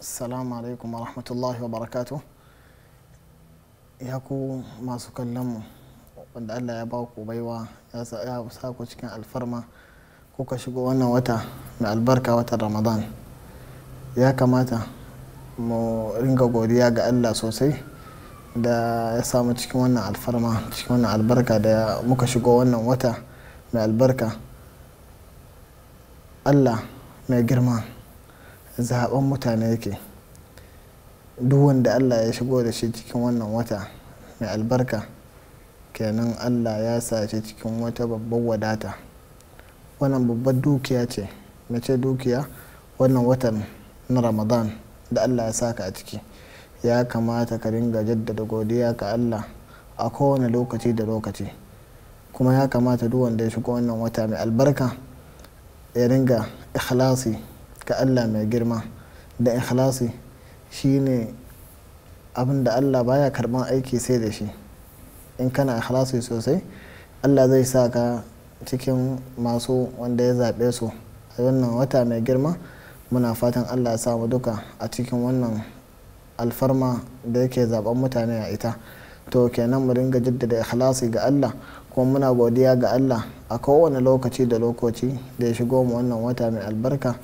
Assalamu alaikum wa rahmatullahi wa barakatu. Ya ku masu kallonmu wanda Allah ya ba ku baiwa ya sa ku cikin alfarma kuka shigo wannan wata mai albarka watan Ramadan. Ya kamata mu ringa godiya ga Allah sosai da ya samu cikin wannan alfarma cikin wannan albarka da muka shigo wannan wata mai albarka. Allah mai girma. zaben mutane yake duk wanda allah ya shigo da shi cikin wannan wata mai albarka kenan allah ya sa shi cikin wata babbar wadata wannan babbar dukiya ce na ce dukiya wannan watan na ramadan da allah ya saka a ciki ya kamata ka ringa jaddada godiya ka allah a kowane lokaci da lokaci kuma ya kamata duk wanda ya shigo wannan wata mai albarka ya ringa ikhlasi ga Allah mai girma da ikhlasi shine abin da Allah baya karban aiki sai da shi in kana ikhlasi sosai Allah zai sa ka cikin masu wanda ya zaɓe su a wannan wata mai girma muna fatan Allah ya samu duka a cikin wannan alfarma da yake zaɓen mutane a ita to kenan mu ringa jaddada ikhlasi ga Allah kuma muna godiya ga Allah a kowane lokaci da lokaci da ya shigo mu wannan wata mai albarka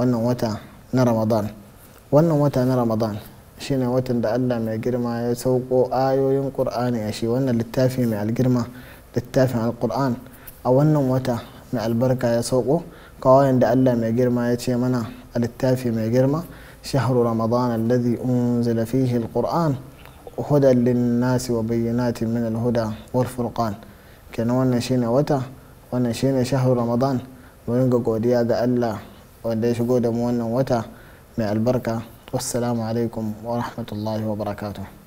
wannan wata na ramadan wannan wata na ramadan shine watan da allah mai girma ya sauko ayoyin qur'ani a shi wannan littafi mai algirma littafin alqur'an a wannan wata mai albarka ya sauko kawayen da allah mai girma ya ce mana a littafi mai girma shahru ramadan alladhi unzila fihi alqur'an hudan linnasi wa bayyanatin min alhuda wal furqan kenan wannan shine wata wannan shine shahru ramadan mu ringa godiya ga allah wanda ya shigo da mu wannan wata mai albarka wassalamu alaikum wa rahmatullahi wa barakatuh